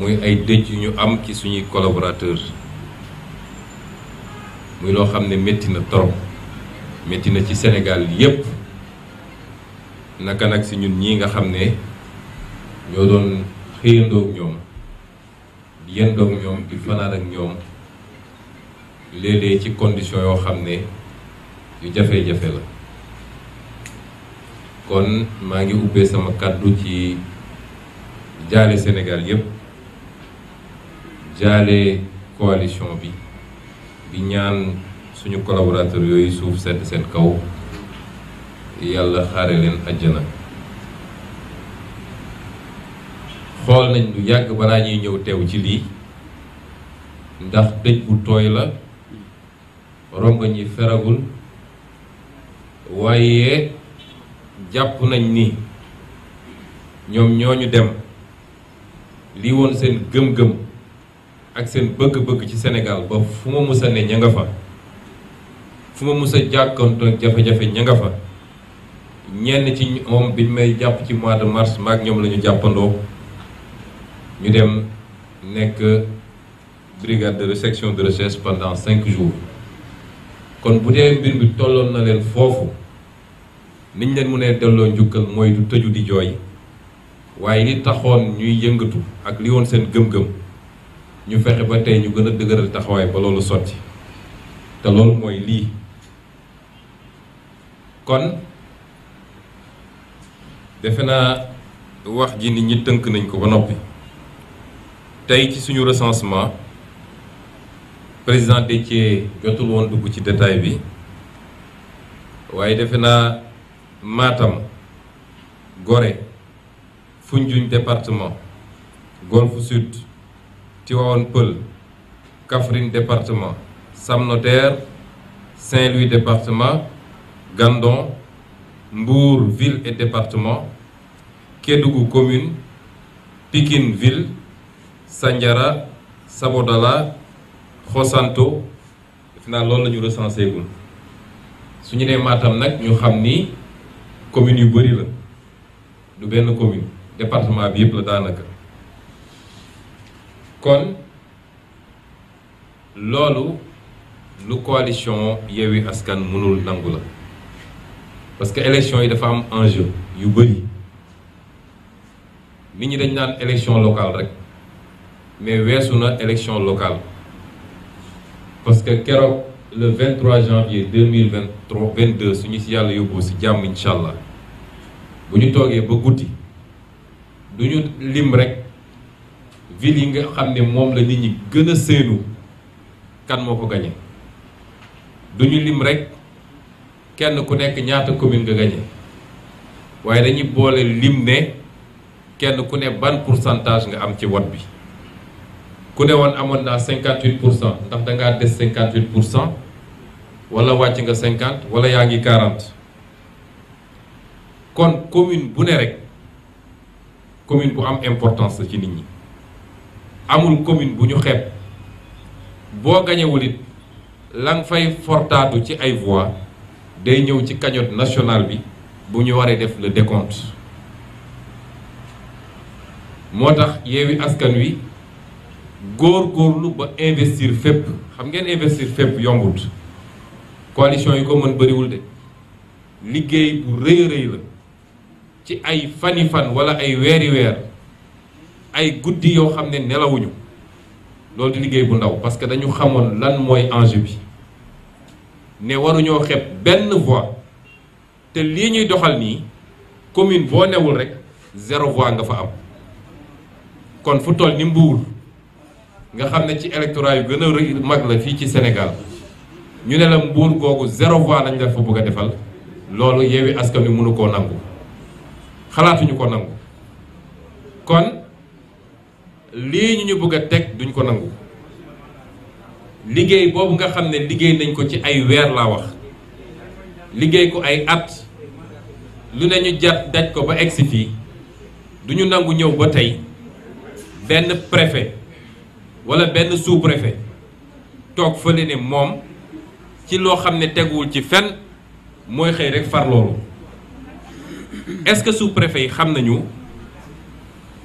muy ay dëj yu ñu am ci suñuy collaborateurs muy loo xam ne metti na trop métti na ci Sénégal yépp naka nag si ñun ñii nga xam ne ñoo doon xëyandoog ñoom di yendoog ñoom di fanaan ak ñoom léeg-léeg ci condition yoo xam ne yu jafe-jafe la kon maa ngi ubbee sama kàddu ci jaale Sénégal yépp jaale coalition bi di ñaan suñu collaborateur yooyu suuf sedd seen kaw yàlla xaare leen àjjana xool nañ lu yàgg balaa ñuy ñëw teew ci lii ndax dëj bu tooy la rongoñ yi feragul waaye jàpp nañ ni ñoom ñoo ñu dem lii woon seen gëm-gëm ak seen bëgg-bëgg ci Sénégal ba fu ma mus ne ña nga fa fu ma mus a jàkkoonte jafe-jafe ña nga fa ñenn ci moom biñ may jàpp ci mois de mars maag ñoom la jàppandoo ñu dem nekk brigade de section de recherche pendant cinq jours kon bu dee mbir bi tolloon na leen foofu niñ leen mu ne delloo njukkal mooy du tëju di jooy waaye li taxoon ñuy yëngatu ak li woon seen gëm-gëm ñu fexe ba tey ñu gën a dëgëral taxawaay ba loolu sotti te loolu mooy lii kon defe naa wax ji nit ñi tënk nañ ko ba noppi tey ci suñu recensement président Déthié jotul woon dugg ci détail bi waaye defe naa Matam Gorée Foundiougne département Golfe Sud ci Peulh Kaffrine département Sam Notaire Saint-Louis département Gandon Mbour ville et département Kédougou commune Pikine ville Sandiara Sabodala Xosanto def naa loolu la ñu recensé gul su ñu nee nag ñu xam ni communes yu bëri la du benn commune département bi yëpp la daanaka. kon loolu lu coalition Yewwi Askan mënul nangu la parce que élection yi dafa am enjeu yu bëri nit ñi dañ naan élection locale rek mais weesu na élection locale parce que keroog le 23 janvier 2023 22 suñu si yàlla yóbbu si jàmm incha allah bu ñu toogee ba guddi du ñu lim rek. ville yi nga xam ne moom la nit ñi gën a séenu kan moo ko gañe duñu lim rek kenn ku nekk ñaata commune nga gañe waaye dañuy boole lim ne kenn ku ne ban pourcentage nga am ci vote bi ku ne woon amoon naa 58 pour cent ndax dangaa des 58 pour cent wala wàcc nga cinquante wala yaa ngi quarante kon commune bu ne rek commune bu am importance la ci nit ñi amul commune bu ñu xeeb boo gañewul it la fay fortaatu ci ay voix day ñëw ci cagnotte national bi bu ñu waree def la décompte moo tax Yewwi Askan Wi góor-góorlu ba investir fépp xam ngeen investir fépp yombut coalition yi ko mën bariwul de liggéey bu rëy rëy la ci ay fani fan wala ay weeri weer ay guddi yoo xam ne nelawuñu loolu di liggéey bu ndaw parce que dañu xamoon lan mooy enjeu bi ne waruñoo xeeb benn voix te lii ñuy doxal nii commune boo newul rek zéro voix nga fa am kon fu toll ni Mbour nga xam ne ci électorat yu gën a mag la fii ci Sénégal ñu ne la Mbour googu zéro voix lañ la fa bëgg a defal loolu Yewwi Askan Wi mënu koo nangu xalaatuñu ko nangu kon lii ñu ñu bëgg a teg duñ ko nangu liggéey boobu nga xam ne liggéey nañ ko ci ay weer laa wax liggéey ko ay at lu ne ñu jat daj ko ba egsi fii duñu ñu nangu ñëw ba tey benn préfet wala benn sous-préfet toog fële ne moom ci loo xam ne teguwul ci fenn mooy xëy rek far loolu est-ce que sous-préfet yi xam nañu.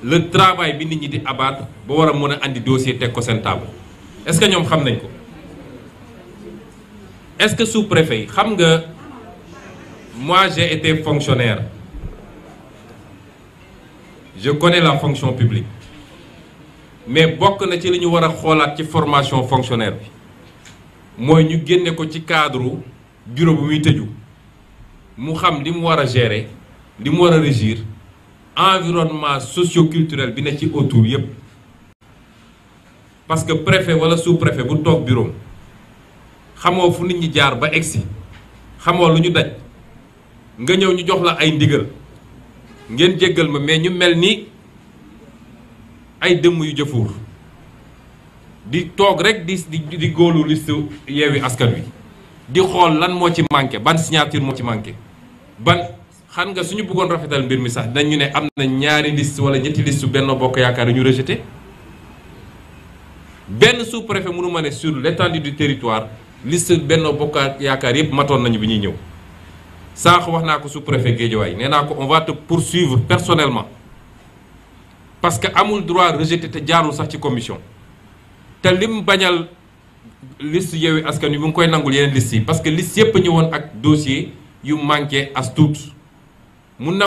le travail bi nit ñi di abattre ba war a mën a andi dossier teg ko seen table est-ce que ñoom xam nañ ko est-ce que sous-préfet yi xam nga mois j'ai été fonctionnaire je connais la fonction publique mais bokk na ci li ñu war a xoolaat ci formation fonctionnaire bi mooy ñu génne ko ci cadre bureau bu muy tëju mu xam li mu war a gérer li mu war a régir environnement socio-culturel bi ne ci autour yépp parce que préfet wala sous-préfet bu toog bureau xamoo fu nit ñi jaar ba egsi xamoo lu ñu daj nga ñëw ñu jox la ay ndigal ngeen jéggal ma mais ñu mel ni ay dëmm yu jëfuur di toog rek di di di góolu liste yeewi askan wi di xool lan moo ci manqué ban signature moo ci manqué ban xam nga suñu bëggoon rafetal mbir mi sax dañu ne am na ñaari list wala ñetti liste Benno Bokk Yaakaar yu ñu rejeté benn sous-préfet mënu ma ne sur l'étendue du territoire list Benno Bokk Yaakaar yëpp matoon nañu bi ñuy ñëw sànq wax naa ko sous-préfet Guédiawaye nee naa ko on va te poursuivre personnellement parce que amul droit rejeté te jaarul sax ci commission te lim bañal liste Yewwi Askan Wi mu ngi koy nangul yeneen liste yi parce que liste yëpp ñëwoon ak dossier yu manqué as tuut mun na